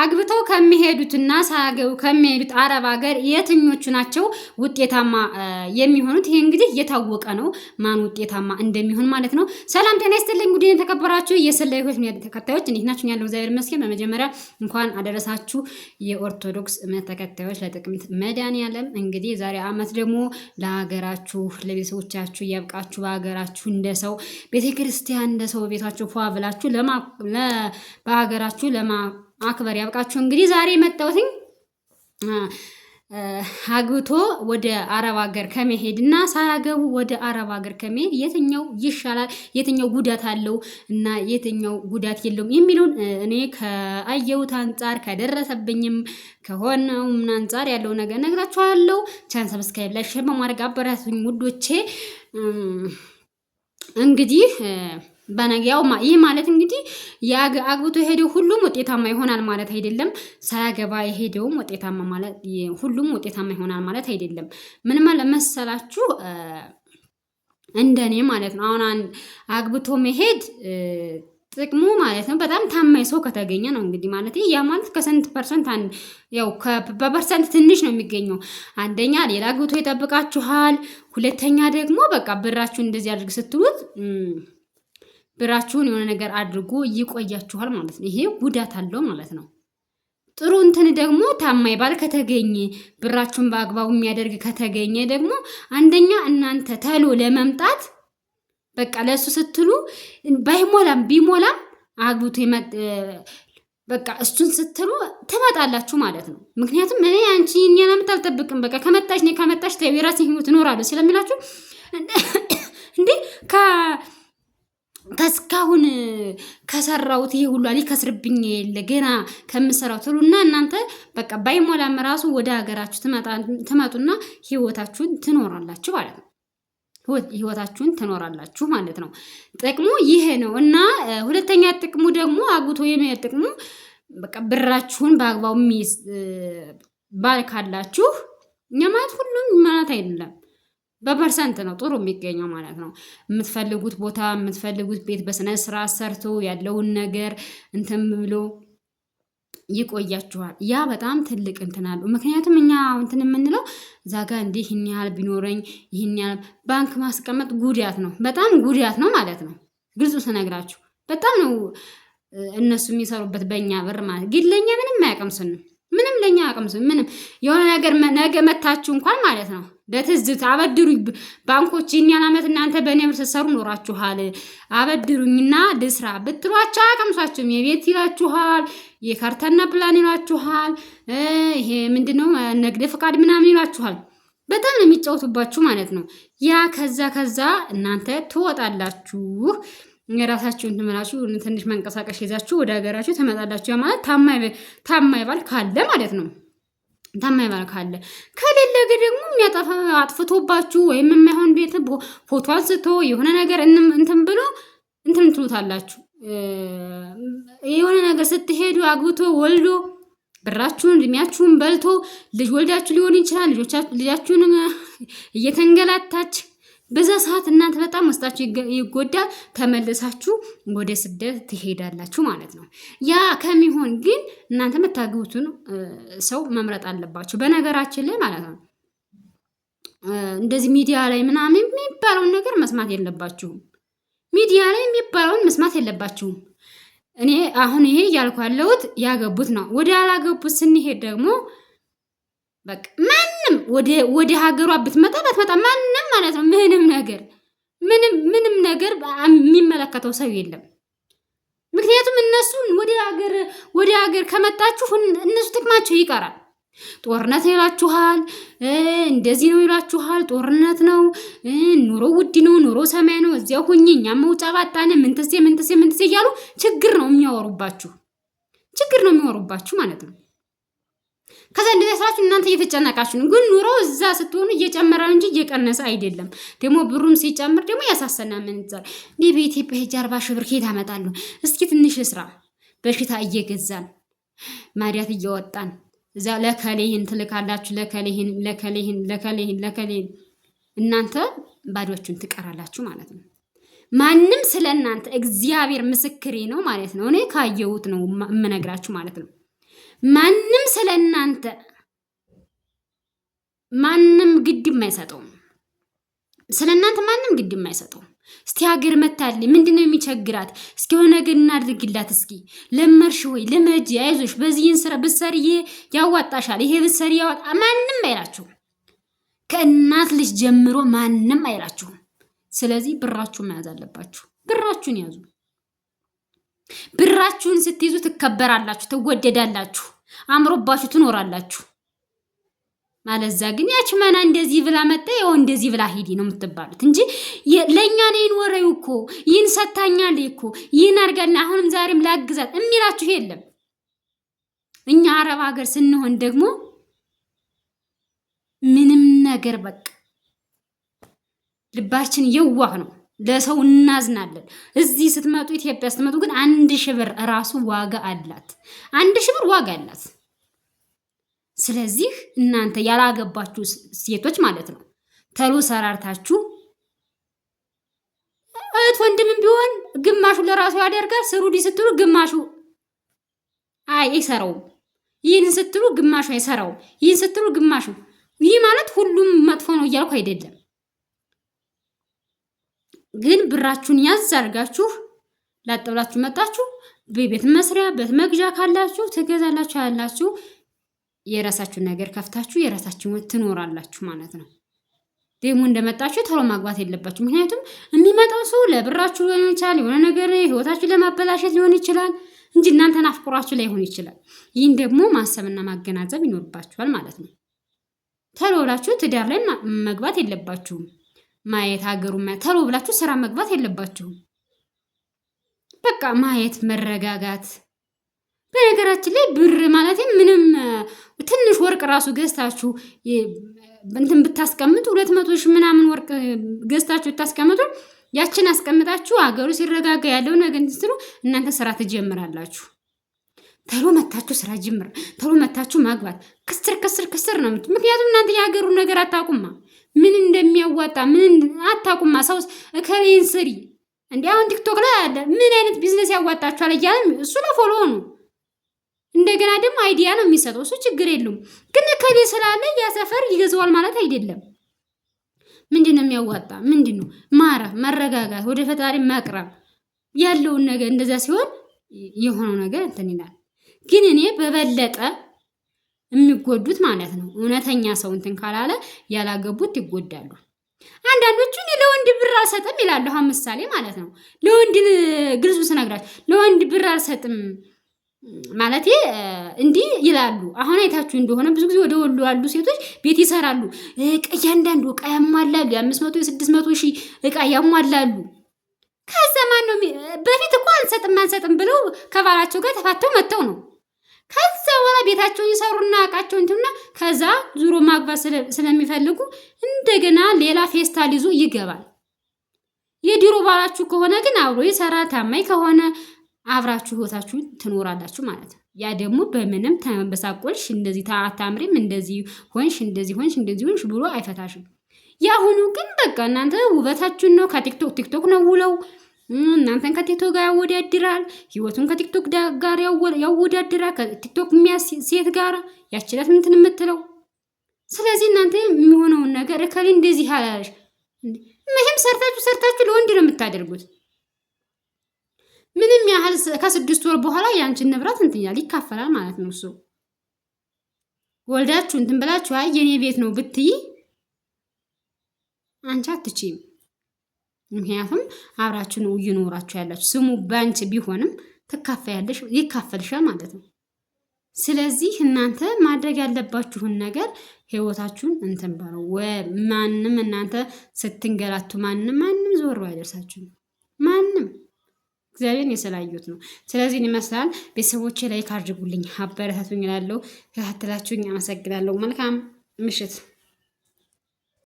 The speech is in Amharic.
አግብተው ከሚሄዱትና ሳያገቡ ከሚሄዱት አረብ ሀገር የትኞቹ ናቸው ውጤታማ የሚሆኑት? ይህ እንግዲህ እየታወቀ ነው ማን ውጤታማ እንደሚሆን ማለት ነው። ሰላም ጤና ይስጥልኝ። እንግዲህ የተከበራችሁ የሰላይ ሕይወት ሚዲያ ተከታዮች እንዴት ናችሁ? ያለው እግዚአብሔር ይመስገን። በመጀመሪያ እንኳን አደረሳችሁ የኦርቶዶክስ እምነት ተከታዮች ለጥቅምት መድኃኔዓለም። እንግዲህ የዛሬ ዓመት ደግሞ ለሀገራችሁ ለቤተሰቦቻችሁ እያብቃችሁ በሀገራችሁ እንደሰው ቤተክርስቲያን እንደሰው ቤታችሁ ፏ ብላችሁ በሀገራችሁ ለማ አክበር ያብቃችሁ። እንግዲህ ዛሬ የመጣሁትኝ አግብቶ ወደ አረብ ሀገር ከመሄድ እና ሳያገቡ ወደ አረብ ሀገር ከመሄድ የትኛው ይሻላል፣ የትኛው ጉዳት አለው እና የትኛው ጉዳት የለውም የሚለውን እኔ ከአየሁት አንጻር ከደረሰብኝም ከሆነውም አንጻር ያለው ነገር ነግራችኋለሁ። ቻን ሰብስክራይብ ላይ ሼር በማድረግ አበረታቱኝ ውዶቼ እንግዲህ በነገያው ይህ ማለት እንግዲህ አግብቶ የሄደው ሁሉም ውጤታማ ይሆናል ማለት አይደለም። ሳያገባ የሄደውም ውጤታማ ማለት ሁሉም ውጤታማ ይሆናል ማለት አይደለም። ምን ለመሰላችሁ እንደኔ ማለት ነው። አሁን አግብቶ መሄድ ጥቅሙ ማለት ነው በጣም ታማኝ ሰው ከተገኘ ነው እንግዲህ ማለት ያ ማለት ከስንት ፐርሰንት ያው በፐርሰንት ትንሽ ነው የሚገኘው። አንደኛ ሌላ አግብቶ ይጠብቃችኋል። ሁለተኛ ደግሞ በቃ ብራችሁ እንደዚህ አድርግ ስትሉት ብራችሁን የሆነ ነገር አድርጎ ይቆያችኋል ማለት ነው። ይሄ ጉዳት አለው ማለት ነው። ጥሩ እንትን ደግሞ ታማኝ ባል ከተገኘ ብራችሁን በአግባቡ የሚያደርግ ከተገኘ ደግሞ አንደኛ እናንተ ተሎ ለመምጣት በቃ ለእሱ ስትሉ ባይሞላም ቢሞላም አግብቶ በቃ እሱን ስትሉ ትመጣላችሁ ማለት ነው። ምክንያቱም እኔ አንቺ እኛን አልጠብቅም በቃ ከመጣሽ ከመጣሽ የራሴ ህይወት እኖራለሁ ስለሚላችሁ እንዴ ከስካሁን ከሰራሁት ይሄ ሁሉ ሊከስርብኝ የለ ገና ከምሰራው ትሉና እናንተ በቃ ባይሞላም ራሱ ወደ ሀገራችሁ ትመጡና ህይወታችሁን ትኖራላችሁ ማለት ነው። ህይወታችሁን ትኖራላችሁ ማለት ነው። ጥቅሙ ይሄ ነው እና ሁለተኛ ጥቅሙ ደግሞ አጉቶ የመሄድ ጥቅሙ በቃ ብራችሁን በአግባቡ ሚስ ባል ካላችሁ እኛ ማለት ሁሉም ማለት አይደለም በፐርሰንት ነው ጥሩ የሚገኘው ማለት ነው። የምትፈልጉት ቦታ የምትፈልጉት ቤት በስነ ስርዓት ሰርቶ ያለውን ነገር እንትን ብሎ ይቆያችኋል። ያ በጣም ትልቅ እንትን አለው ምክንያቱም እኛ እንትን የምንለው እዛ ጋ እንዲህ ይህን ያህል ቢኖረኝ ይህን ያህል ባንክ ማስቀመጥ ጉዳት ነው፣ በጣም ጉዳት ነው ማለት ነው። ግልጹ ስነግራችሁ በጣም ነው እነሱ የሚሰሩበት በእኛ ብር ማለት ግን ለእኛ ምንም አያቀምሱንም፣ ምንም ለእኛ አያቀምሱንም፣ ምንም የሆነ ነገር ነገ መታችሁ እንኳን ማለት ነው በትዝብት አበድሩኝ። ባንኮች እኛን ዓመት እናንተ በእኔ ብር ስትሰሩ ኖራችኋል። አበድሩኝና ልስራ ብትሏቸው አቀምሷቸውም። የቤት ይላችኋል፣ የካርታና ፕላን ይሏችኋል፣ ይሄ ምንድነው ነግደ ፍቃድ ምናምን ይሏችኋል። በጣም ነው የሚጫወቱባችሁ ማለት ነው። ያ ከዛ ከዛ እናንተ ትወጣላችሁ የራሳችሁን ትመላችሁ ትንሽ መንቀሳቀስ ይዛችሁ ወደ ሀገራችሁ ትመጣላችሁ። ያ ማለት ታማኝ ባል ካለ ማለት ነው። ታማኝ ባል ካለ ከሌለ ግን ደግሞ የሚያጠፋ አጥፍቶባችሁ ወይም የማይሆን ቤት ፎቶ አንስቶ የሆነ ነገር እንትን ብሎ እንትን ትሉታላችሁ። የሆነ ነገር ስትሄዱ አግብቶ ወልዶ ብራችሁን እድሜያችሁን በልቶ ልጅ ወልዳችሁ ሊሆን ይችላል። ልጃችሁን እየተንገላታች በዛ ሰዓት እናንተ በጣም ውስጣችሁ ይጎዳል። ተመልሳችሁ ወደ ስደት ትሄዳላችሁ ማለት ነው። ያ ከሚሆን ግን እናንተ የምታገቡትን ሰው መምረጥ አለባችሁ። በነገራችን ላይ ማለት ነው እንደዚህ ሚዲያ ላይ ምናምን የሚባለውን ነገር መስማት የለባችሁም። ሚዲያ ላይ የሚባለውን መስማት የለባችሁም። እኔ አሁን ይሄ እያልኩ ያለሁት ያገቡት ነው። ወደ ያላገቡት ስንሄድ ደግሞ በቃ ማንም ወደ ሀገሯ ብትመጣ ባትመጣ ማንም ማለት ነው ምንም ነገር ምንም ምንም ነገር የሚመለከተው ሰው የለም። ምክንያቱም እነሱ ወደ ሀገር ወደ ሀገር ከመጣችሁ እነሱ ጥቅማቸው ይቀራል። ጦርነት ይላችኋል፣ እንደዚህ ነው ይላችኋል። ጦርነት ነው፣ ኑሮ ውድ ነው፣ ኑሮ ሰማይ ነው፣ እዚያው ሁኝ፣ እኛም መውጫ ባጣን፣ ምንትሴ ምንትሴ ምንትሴ እያሉ ችግር ነው የሚያወሩባችሁ፣ ችግር ነው የሚያወሩባችሁ ማለት ነው። ከዛ እንደዚህ ስራችሁ እናንተ እየተጨነቃችሁ ነው። ግን ኑሮ እዛ ስትሆኑ እየጨመረ እንጂ እየቀነሰ አይደለም። ደግሞ ብሩም ሲጨምር ደግሞ ያሳሰና ምን ይዛል። በኢትዮጵያ ሄጄ አርባ ሺህ ብር ከየት አመጣለሁ? እስኪ ትንሽ ስራ በሽታ እየገዛን ማዲያት እየወጣን እዛ ለከሌህን ትልካላችሁ ለከሌህን ለከሌህን ለከሌህን ለከሌህን እናንተ ባዶችን ትቀራላችሁ ማለት ነው። ማንም ስለ እናንተ እግዚአብሔር ምስክሬ ነው ማለት ነው። እኔ ካየሁት ነው የምነግራችሁ ማለት ነው። ማንም ስለ እናንተ ማንም ግድ የማይሰጠውም ስለ እናንተ ማንም ግድ የማይሰጠውም። እስቲ ሀገር መታለ ምንድን ነው የሚቸግራት? እስኪ የሆነ ነገር እናድርግላት። እስኪ ለመርሽ ወይ ልመጂ፣ አይዞሽ፣ በዚህን ስራ ብትሰሪ ያዋጣሻል፣ ይሄ ብትሰሪ ያዋጣ። ማንም አይላችሁም። ከእናት ልጅ ጀምሮ ማንም አይላችሁም። ስለዚህ ብራችሁ መያዝ አለባችሁ። ብራችሁን ያዙ። ብራችሁን ስትይዙ ትከበራላችሁ፣ ትወደዳላችሁ፣ አምሮባችሁ ትኖራላችሁ። ማለዛ ግን ያች መና እንደዚህ ብላ መጣ ያው እንደዚህ ብላ ሂዲ ነው የምትባሉት እንጂ ለእኛ ነይን ወረዩ እኮ ይህን ሰታኛል እኮ ይህን አድርጋልና አሁንም ዛሬም ላግዛት የሚላችሁ የለም። እኛ አረብ ሀገር ስንሆን ደግሞ ምንም ነገር በቃ ልባችን የዋህ ነው። ለሰው እናዝናለን። እዚህ ስትመጡ ኢትዮጵያ ስትመጡ ግን አንድ ሺህ ብር ራሱ ዋጋ አላት። አንድ ሺህ ብር ዋጋ አላት። ስለዚህ እናንተ ያላገባችሁ ሴቶች ማለት ነው ተሎ ሰራርታችሁ እህት ወንድምም ቢሆን ግማሹ ለራሱ ያደርጋል። ስሩዲ ስትሉ ግማሹ አይ አይሰራውም። ይህን ስትሉ ግማሹ አይሰራውም። ይህን ስትሉ ግማሹ ይህ ማለት ሁሉም መጥፎ ነው እያልኩ አይደለም። ግን ብራችሁን ያዝ አድርጋችሁ ላጠብላችሁ መጣችሁ። ቤት መስሪያ ቤት መግዣ ካላችሁ ትገዛላችሁ፣ ያላችሁ የራሳችሁን ነገር ከፍታችሁ የራሳችሁን ትኖራላችሁ ማለት ነው። ደግሞ እንደመጣችሁ ቶሎ ማግባት የለባችሁ። ምክንያቱም የሚመጣው ሰው ለብራችሁ ሊሆን ይችላል፣ የሆነ ነገር ህይወታችሁ ለማበላሸት ሊሆን ይችላል እንጂ እናንተን አፍቁራችሁ ላይሆን ይችላል። ይህን ደግሞ ማሰብና ማገናዘብ ይኖርባችኋል ማለት ነው። ተሎላችሁ ትዳር ላይ መግባት የለባችሁም። ማየት ሀገሩ ተሎ ብላችሁ ስራ መግባት የለባችሁም። በቃ ማየት መረጋጋት። በነገራችን ላይ ብር ማለት ምንም ትንሽ ወርቅ ራሱ ገዝታችሁ እንትን ብታስቀምጡ ሁለት መቶ ሺህ ምናምን ወርቅ ገዝታችሁ ብታስቀምጡ ያችን አስቀምጣችሁ ሀገሩ ሲረጋጋ ያለው ነገር ስትሉ እናንተ ስራ ትጀምራላችሁ። ተሎ መታችሁ ስራ ጅምር፣ ተሎ መታችሁ ማግባት። ክስር ክስር ክስር ነው። ምክንያቱም እናንተ የሀገሩን ነገር አታውቁማ። ምን እንደሚያዋጣ ምን አታቁማ። ሰው እከሌን ስሪ እንዲ አሁን ቲክቶክ ላይ አለ ምን አይነት ቢዝነስ ያዋጣችኋል እያለ እሱ ለፎሎ ነው። እንደገና ደግሞ አይዲያ ነው የሚሰጠው እሱ ችግር የለውም። ግን እከሌ ስላለ ያ ሰፈር ይገዛዋል ማለት አይደለም። ምንድን ነው የሚያዋጣ? ምንድን ነው ማረፍ፣ መረጋጋት፣ ወደ ፈጣሪ መቅረብ ያለውን ነገር እንደዛ ሲሆን የሆነው ነገር እንትን ይላል። ግን እኔ በበለጠ የሚጎዱት ማለት ነው። እውነተኛ ሰው እንትን ካላለ ያላገቡት ይጎዳሉ። አንዳንዶቹ እኔ ለወንድ ብር አልሰጥም ይላሉ። አሁን ምሳሌ ማለት ነው። ለወንድ ግልጹ ስነግራች ለወንድ ብር አልሰጥም ማለት እንዲህ ይላሉ። አሁን አይታችሁ እንደሆነ ብዙ ጊዜ ወደ ወሎ ያሉ ሴቶች ቤት ይሰራሉ። እያንዳንዱ እቃ ያሟላሉ። የአምስት መቶ የስድስት መቶ ሺህ እቃ ያሟላሉ። ከዘማን ነው በፊት እኮ አንሰጥም አንሰጥም ብለው ከባላቸው ጋር ተፋተው መጥተው ነው ከዛ በኋላ ቤታቸውን ይሰሩና እቃቸውን እንትና ከዛ ዙሮ ማግባት ስለሚፈልጉ እንደገና ሌላ ፌስታል ይዞ ይገባል። የድሮ ባላችሁ ከሆነ ግን አብሮ ይሰራል። ታማኝ ከሆነ አብራችሁ ህይወታችሁ ትኖራላችሁ ማለት ነው። ያ ደግሞ በምንም ተንበሳቆልሽ፣ እንደዚህ አታምሪም፣ እንደዚህ ሆንሽ፣ እንደዚህ ሆንሽ፣ እንደዚህ ሆንሽ ብሎ አይፈታሽም። ያሁኑ ግን በቃ እናንተ ውበታችሁን ነው ከቲክቶክ ቲክቶክ ነው ውለው እናንተን ከቲክቶክ ጋር ያወዳድራል። ህይወቱን ከቲክቶክ ጋር ያወዳድራል። ከቲክቶክ የሚያስ ሴት ጋር ያችላት እንትን የምትለው ስለዚህ እናንተ የሚሆነውን ነገር እከሌ እንደዚህ አላለሽ። መቼም ሰርታችሁ ሰርታችሁ ለወንድ ነው የምታደርጉት። ምንም ያህል ከስድስት ወር በኋላ የአንችን ንብረት እንትኛል ይካፈላል ማለት ነው። እሱ ወልዳችሁ እንትን ብላችሁ አይ የኔ ቤት ነው ብትይ አንቺ አትችይም። ምክንያቱም አብራችሁ ነው እየኖራችሁ ያላችሁ። ስሙ ባንቺ ቢሆንም ትካፈያለሽ ይካፈልሻል ማለት ነው። ስለዚህ እናንተ ማድረግ ያለባችሁን ነገር ህይወታችሁን እንትን በለው። ማንም እናንተ ስትንገላቱ ማንም ማንም ዞሮ አይደርሳችሁም። ማንም እግዚአብሔር የሰላዩት ነው። ስለዚህ ይመስላል ቤተሰቦቼ ላይ ካርድጉልኝ፣ አበረታቱኝ እላለሁ። ተከታተላችሁኝ፣ አመሰግናለሁ። መልካም ምሽት